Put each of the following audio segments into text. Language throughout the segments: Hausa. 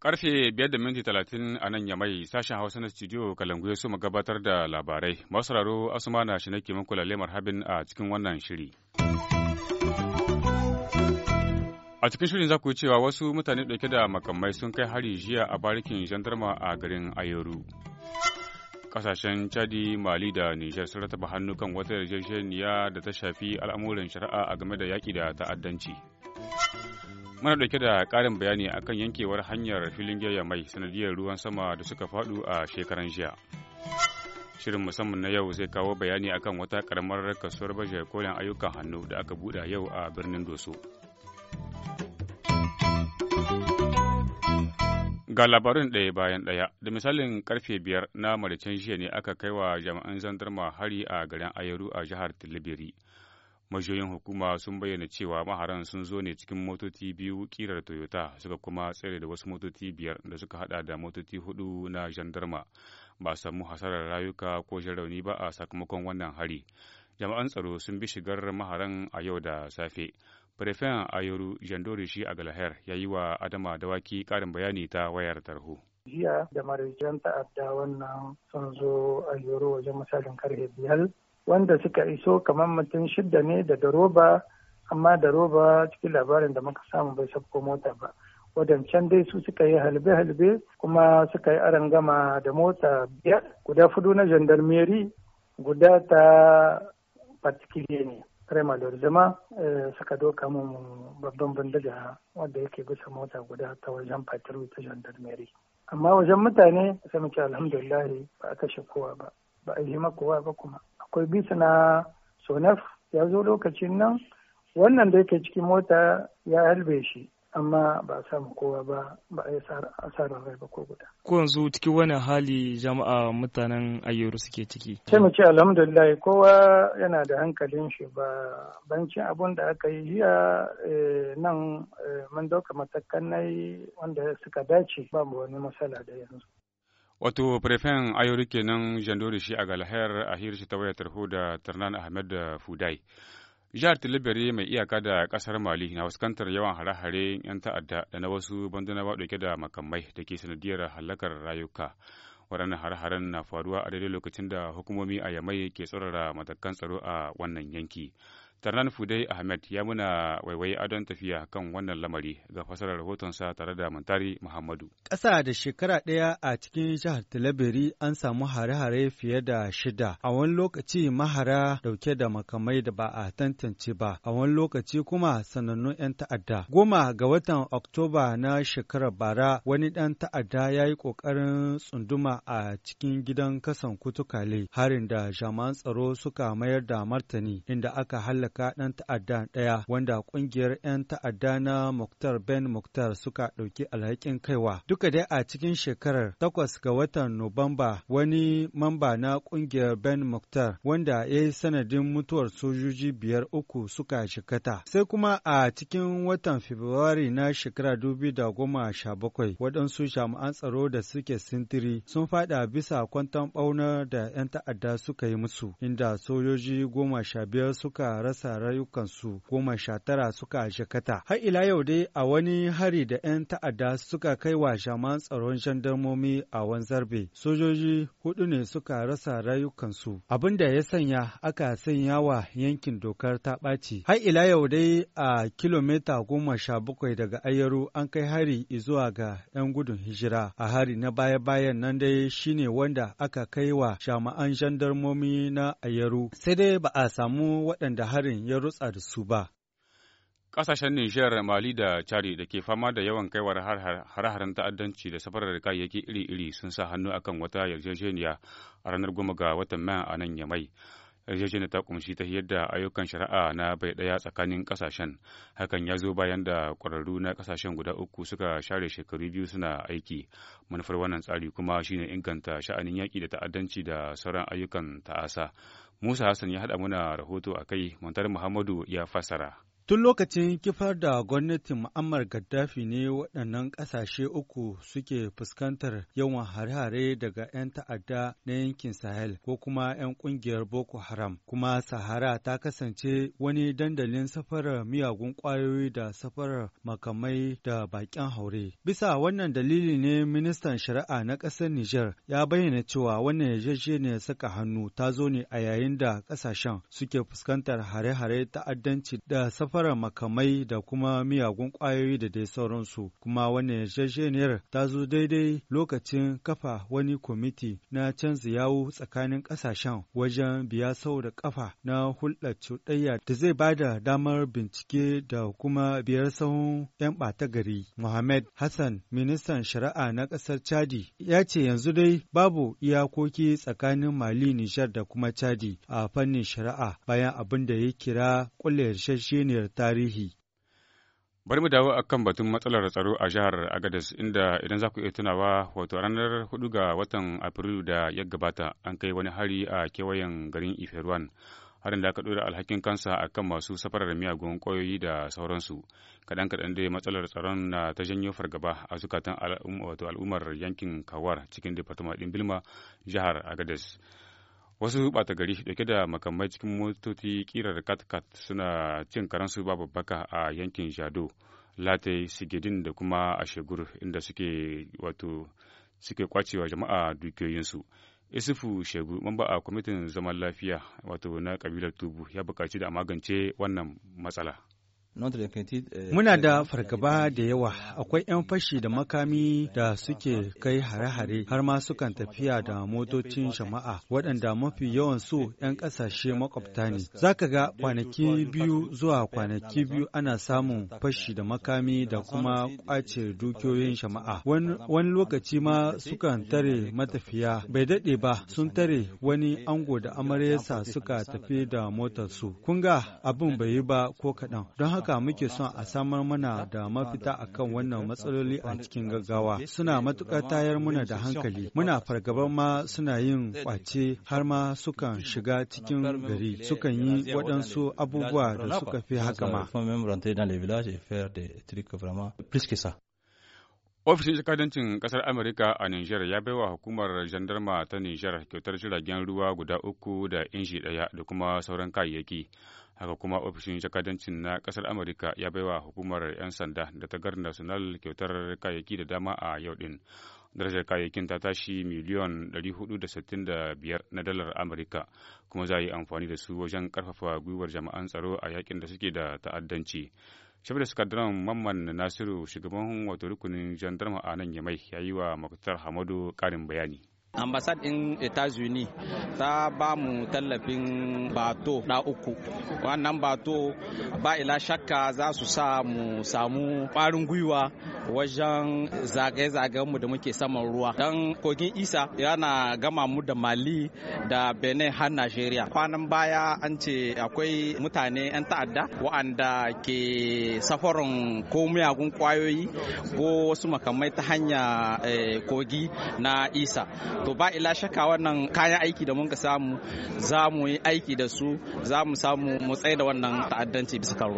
Karfe biyar da minti talatin a nan yamai sashen Hausa na studio Kalangu ya so mu gabatar da labarai. Masu raro Asuma na shi nake muku habin a cikin wannan shiri. A cikin shirin za ku cewa wasu mutane ɗauke da makamai sun kai hari jiya a barikin gendarma a garin Ayoru. kasashen chadi mali da nijar sun rataba hannu kan wata yarjejeniya da ta shafi al'amuran shari'a a game da yaƙi da ta'addanci muna dauke da ƙarin bayani akan yankewar hanyar filin gaya mai sanadiyar ruwan sama da suka faɗu a shekaran jiya shirin musamman na yau zai kawo bayani akan wata karamar kasuwar bajar kolin ayyukan hannu da aka buɗe yau a birnin doso Ga labarin ɗaya bayan ɗaya, da misalin karfe biyar na maricin jiya ne aka kai wa jami'an zandarma hari a garin Ayaru a jihar Tilibiri. Majiyoyin hukuma sun bayyana cewa maharan sun zo ne cikin motoci biyu kirar Toyota suka kuma tsere da wasu motoci biyar da suka hada da motoci hudu na jandarma. Ba samu hasarar rayuka ko rauni ba a sakamakon wannan hari. jama'an tsaro sun bi shigar maharan a yau da safe. Prefen Ayoru shi a Galahar ya yi wa Adama Dawaki ƙarin bayani ta wayar tarho. Jiya da marijan ta'adda wannan sun zo a yoro wajen misalin karfe biyar wanda suka iso kamar mutum shidda ne da roba amma da cikin labarin da muka samu bai sabko mota ba. wadancan dai su suka yi halbe-halbe kuma suka yi gama da mota biyar guda fudu na jandarmeri guda ta ne da zama eh, suka doka mun babban bindiga wanda yake bisa mota guda ta wajen patrol ta jandarmeri amma wajen mutane sai muke alhamdulillah ba a kashe kowa ba ba a yi kowa ba kuma akwai bisa na sonaf ya zo lokacin nan wannan da yake cikin mota ya halbe shi amma ba a samu kowa ba ba a yi asarar rai ba ko guda. Ko yanzu cikin wani hali jama'a mutanen ayyuru suke ciki? ce mu ce alhamdulillah kowa yana da hankalin shi ba bancin abun da aka yi jiya eh, nan eh, mun dauka matakanai wanda suka dace ba mu wani matsala da yanzu. Wato prefen ayyuru kenan jandori shi a galahar a hirshi ta wayar tarho da Tarnan Ahmed Fudai. Jihar Tilibiri mai iyaka da kasar Mali na fuskantar yawan hare-hare 'yan ta'adda da na wasu bandunawa dauke da makamai da ke sanadiyar halakar rayuka. Waɗannan hare-haren na faruwa a daidai lokacin da hukumomi a Yamai ke tsorara matakan tsaro a wannan yanki. Tarnan Fudai Ahmed ya muna waiwaye adon tafiya kan wannan lamari ga fasarar rahotonsa tare da Mantari Muhammadu. Ƙasa da shekara ɗaya a cikin jihar Talabiri an samu hare-hare fiye da shida. A wani lokaci mahara dauke da makamai da ba a tantance ba, a wani lokaci kuma sanannun 'yan ta'adda. Goma ga watan Oktoba na shekarar bara wani ɗan ta'adda ya yi ƙoƙarin tsunduma a cikin gidan kasan kutukale harin da jama'an tsaro suka mayar da martani inda aka hallaka hallaka ɗan ta'adda ɗaya wanda ƙungiyar 'yan ta'adda na Muktar Ben Muktar suka ɗauki alhakin kaiwa. Duka dai a cikin shekarar takwas ga watan Nuwamba wani mamba na ƙungiyar Ben Muktar wanda ya yi sanadin mutuwar sojoji biyar uku suka shikata. Sai kuma a cikin watan Fabrairu na shekara dubu da goma sha bakwai waɗansu jami'an tsaro da suke sintiri sun faɗa bisa kwantan ɓaunar da 'yan ta'adda suka yi musu inda sojoji goma sha biyar suka rasa rasa rayukansu goma sha tara suka shakata Har ila yau dai a wani hari da 'yan ta'adda suka kai wa jaman tsaron jandarmomi a wanzarbe sojoji hudu ne suka rasa rayukansu abin da ya sanya aka sanya wa yankin dokar ta ɓaci. Har ila yau dai a kilomita goma sha bakwai daga Ayaru an kai hari zuwa ga 'yan gudun hijira a hari na baya-bayan nan dai shine wanda aka kai wa jama'an jandarmomi na Ayaru sai dai ba a samu waɗanda hari shirin ya rutsa da su ba. Ƙasashen Nijar, Mali da Chari da ke fama da yawan kaiwar har haren ta'addanci da safarar kayayyaki iri-iri sun sa hannu akan wata yarjejeniya a ranar goma ga watan Mayan a nan Yamai. yarjejeniya ta kumshi ta da ayyukan shari'a na bai daya tsakanin kasashen hakan ya zo bayan da ƙwararru na kasashen guda uku suka share shekaru biyu suna aiki manufar wannan tsari kuma shine inganta sha'anin yaƙi da ta'addanci da sauran ayyukan ta'asa Musa Hassan ya haɗa muna rahoto a kai, Muhammadu ya fassara. Tun lokacin kifar da gwamnatin Muammar Gaddafi ne waɗannan ƙasashe uku suke fuskantar yawan hare-hare daga 'yan ta'adda na yankin Sahel ko kuma 'yan ƙungiyar Boko Haram. Kuma Sahara ta kasance wani dandalin safarar miyagun ƙwayoyi da safarar makamai da baƙin haure. Bisa wannan dalili ne ministan shari'a na ƙasar Nijar ya bayyana cewa wannan yarjejeniyar saka hannu ta zo ne a yayin da ƙasashen suke fuskantar hare-hare ta'addanci da safar fara makamai da kuma miyagun kwayoyi da dai sauransu. Kuma wani yarjejeniyar ta zo daidai lokacin kafa wani kwamiti na canza yawo tsakanin ƙasashen wajen biya sau da kafa na hulɗar cuɗayya da zai ba da damar bincike da kuma biyar sahun 'yan ɓata gari. Mohamed Hassan, ministan shari'a na ƙasar Chadi, ya ce yanzu dai babu iyakoki tsakanin Mali, Nijar da kuma Chadi a fannin shari'a bayan abin da ya kira kulle yarjejeniyar tarihi. Bari mu dawo akan batun matsalar tsaro a jihar Agadez inda idan za ku iya tunawa wato ranar 4 ga watan Afrilu da ya gabata an kai wani hari a kewayen garin Iferuan. harin da aka ɗora alhakin kansa a kan masu safarar miyagun ƙwayoyi da sauransu kaɗan kaɗan dai matsalar tsaron na ta janyo fargaba a zukatan al'ummar yankin kawar cikin departement ɗin bilma jihar agadez wasu bata gari dauke da makamai cikin motoci kirar katkat suna cin karansu babu baka a yankin shado late sigidin da kuma a shegur inda suke wato suke kwacewa jama'a dukiyoyinsu isufu shegu mamba a kwamitin zaman lafiya wato na kabilar tubu ya bukaci da a magance wannan matsala Euh, Muna da fargaba da yawa, akwai 'yan fashi da makami da suke kai hare-hare har ma sukan tafiya da motocin shama'a, waɗanda mafi yawan su 'yan ƙasashe makwabta ne. Za ka ga kwanaki biyu zuwa kwanaki biyu ana samun fashi da makami da kuma ƙwace dukiyoyin shama'a? Wani lokaci ma sukan tare matafiya bai daɗe ba sun tare wani ango da amaryarsa suka tafi da motarsu. Kun ga abin bai yi ba ko kaɗan. Don haka haka muke son a samar mana da mafita akan wannan matsaloli a cikin gaggawa. Suna matuƙar tayar muna da hankali. Muna fargaban ma suna yin kwace har ma sukan shiga cikin gari sukan yi waɗansu abubuwa da suka fi haka ma. Ofishin jakadancin ƙasar Amurka a niger ya baiwa hukumar jandarma ta niger kyautar jiragen ruwa guda uku da inji daya da kuma sauran kayayyaki. haka kuma ofishin jakadancin na kasar amurka ya baiwa hukumar 'yan sanda da ta gar national kyautar kayayyaki da dama a yau din darajar kayayyakin ta tashi miliyon 465 na dalar amurka kuma za a yi amfani da su wajen karfafa gwiwar jama'an tsaro a yakin da suke da ta'addanci shafi da sakadaren mamman nasiru shugaban wato rukunin jandarma a nan yamai ya yi wa muktar hamadu karin bayani ambasad ɗin etats ta ba mu tallafin bato na uku wannan bato ba ila shakka za su sa mu samu ƙwarin gwiwa wajen zagaye-zagayenmu da muke saman ruwa Dan kogin isa yana gama mu da mali da benin har nigeria kwanan baya an ce akwai mutane 'yan ta'adda wa'anda ke safarin ko miyagun kwayoyi ko wasu makamai ta hanya eh, kogi na isa to ba ila shaka wannan kayan aiki da mun samu za mu yi aiki da su za mu samu mu da wannan ta'addanci bisa kan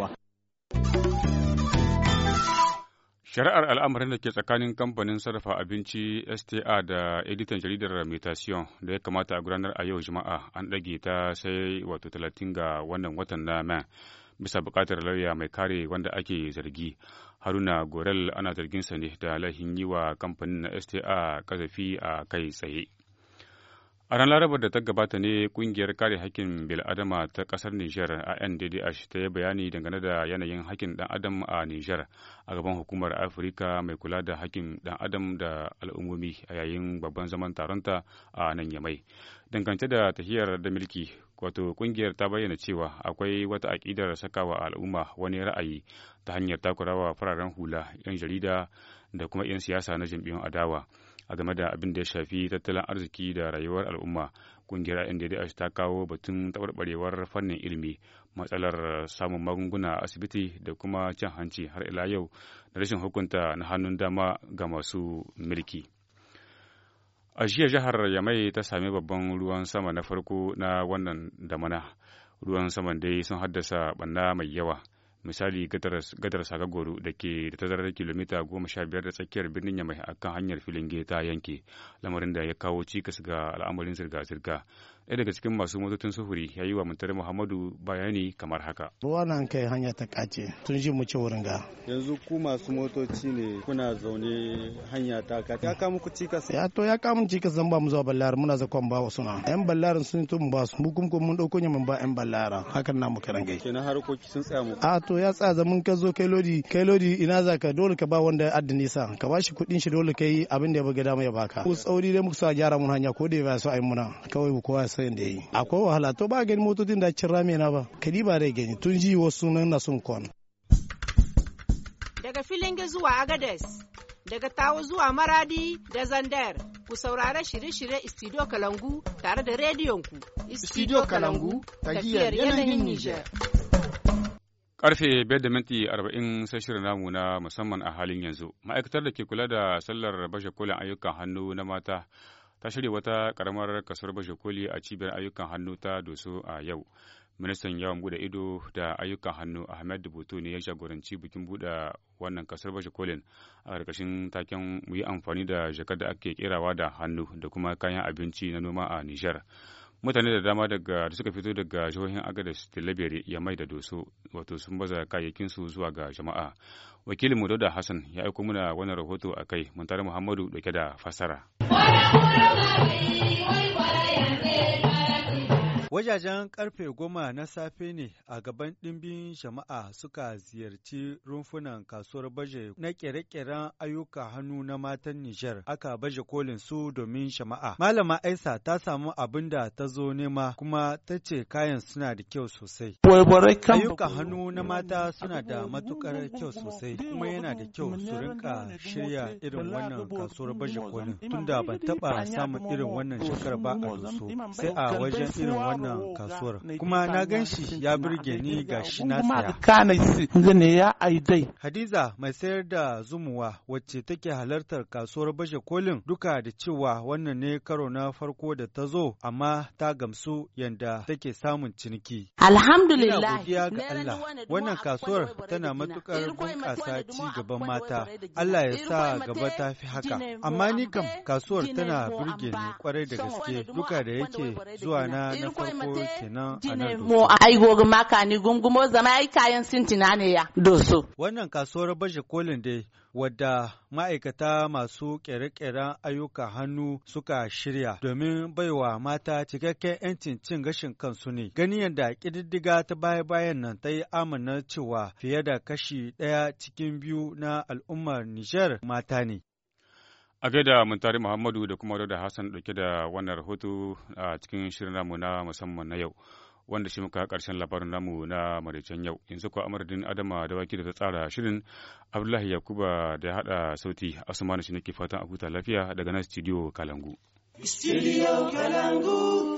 Shari'ar al'amarin da ke tsakanin kamfanin sarrafa abinci STA da editan jaridar Mutation da ya kamata a gudanar a yau Juma'a an ɗage ta sai wato 30 ga wannan watan na bisa buƙatar lauya mai kare wanda ake zargi. haruna gorel ana zarginsa ne da lahin yi wa kamfanin na sta kasafi a kai tsaye a ran larabar da ta gabata ne kungiyar kare hakkin bil'adama ta kasar niger a nddh ta yi bayani dangane da yanayin hakkin dan adam a niger a gaban hukumar afirka mai kula da hakkin dan adam da al'ummomi a yayin babban zaman taronta a nan yamai dangance da tahiyar da milki wato kungiyar ta bayyana cewa akwai wata aƙidar sakawa al'umma wani ra'ayi ta hanyar takurawa fararen hula 'yan jarida da kuma 'yan siyasa na jam'iyyun adawa a game da abin da ya shafi tattalin arziki da rayuwar al'umma kungiyar ndh ta kawo batun taɓarɓarewar fannin ilimi matsalar samun magunguna a asibiti da kuma cin hanci har ila yau da rashin hukunta na hannun dama ga masu mulki. A jiya jihar Yamai ta sami babban ruwan sama na farko na wannan damana. Ruwan saman dai sun haddasa ɓanna mai yawa. Misali gadar Sagagoro da ke da tazarar kilomita goma sha biyar da tsakiyar birnin Yamai a kan hanyar filin geta yanke, lamarin da ya kawo cikas ga al'amarin zirga-zirga. ɗaya daga cikin masu motocin sufuri ya yi wa muntari muhammadu bayani kamar haka ruwa nan kai hanya ta kace tun ji mu ci wurin ga yanzu ku masu motoci ne kuna zaune hanya ta kace ya kama ku cikas ya to ya kama cikas zan ba mu zuwa ballar muna zakon ba wa suna yan ballarin sun to mu ba su mu kuma mun dauko ne mun ba yan ballara hakan na mu karangai kenan harkoki sun tsaya mu a to ya tsaya zaman ka zo kai lodi kai lodi ina za ka dole ka ba wanda ya adda nisa ka ba shi kuɗin shi dole kai abin da ya buga dama ya baka ku tsauri dai muka sa gyara mun hanya ko da ba su ayi muna kawai kowa ya sayan da yi akwai wahala to ba gani motocin da cin rame na ba kadi ba rai gani tun ji wasu nan na sun kwan daga filinge zuwa agades daga tawo zuwa maradi da zandar ku saurara shirye-shirye studio kalangu tare da rediyonku studio kalangu tafiyar yanayin Karfe da minti arba'in sai shirin namu na musamman a halin yanzu. Ma'aikatar da ke kula da sallar bashe kolin ayyukan hannu na mata ta shirya wata karamar kasuwar baje koli a cibiyar ayyukan hannu ta doso a yau ministan yawon bude ido da ayyukan hannu ahmed buto ne ya jagoranci bikin bude wannan kasuwar baje kolin a karkashin taken muyi amfani da jakar da ake kirawa da hannu da kuma kayan abinci na noma a nijar mutane da dama daga da suka fito daga jihohin agadez tilabere ya mai da doso wato sun baza kayayyakinsu zuwa ga jama'a wakilin mu dauda hassan ya aiko muna wannan rahoto a kai muntare muhammadu dauke da fassara. Thank you. Wajajen karfe goma na safe ne a gaban ɗimbin jama'a suka ziyarci rumfunan kasuwar baje na kere-keren ayyuka hannu na matan Nijar aka baje kolin su domin jama'a. Malama Aisa ta samu abin da ta zo nema kuma ta ce kayan suna da kyau sosai. Ayyuka hannu na mata suna da matukar kyau sosai kuma yana da kyau su rinka shirya irin wannan kasuwar baje kolin tunda ban taɓa samun irin wannan shekar ba a sai a wajen irin wannan wannan kasuwar kuma na gan shi ya birge ni ga shi na saya. Hadiza mai sayar da zumuwa wacce take halartar kasuwar baje kolin duka da cewa wannan ne karo na farko da ta zo amma ta gamsu yadda take samun ciniki. Alhamdulillah. godiya ga Allah wannan kasuwar tana matukar bunƙasa ci gaban mata Allah ya sa gaba ta fi haka amma ni kam kasuwar tana birge ni kwarai da gaske duka da yake zuwa na na ai maka ni gungumo zama ai kayan ya wannan kasuwar baje kolin dai wadda ma'aikata masu ƙere-ƙeren ayyuka hannu suka shirya domin baiwa mata cikakken 'yancin cin gashin kansu ne. Gani yadda ƙididdiga ta baya-bayan nan ta yi amina cewa fiye da kashi ɗaya cikin biyu na al'ummar Nijar mata ne. A gaida Muntari Muhammadu da kuma da Hassan dauke da wannan rahoto a cikin shirin namu na musamman na yau. Wanda shi muka karshen labarin namu na maraicen yau. Yanzu kuma amardin Adama da waki da ta tsara shirin Abdullahi Yakuba da ya hada sauti Asmanu shi nake fatan a huta lafiya daga nan studio Kalangu. Studio Kalangu.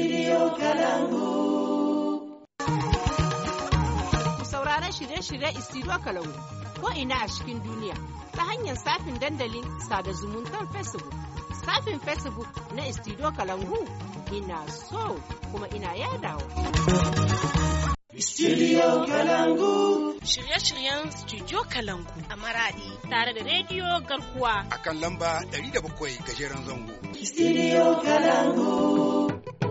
Studio Kalangu. Ku sauraron shirye-shirye Studio Kalangu ko ina a cikin duniya ta hanyar safin dandalin sada zumuntar Facebook. Safin Facebook na Studio Kalangu ina so kuma ina yadawa. Studio Kalangu. Shirye-shiryen Studio Kalangu a Maradi tare da Rediyo Garkuwa. A kan lamba 107 gajeren zango. Studio Kalangu.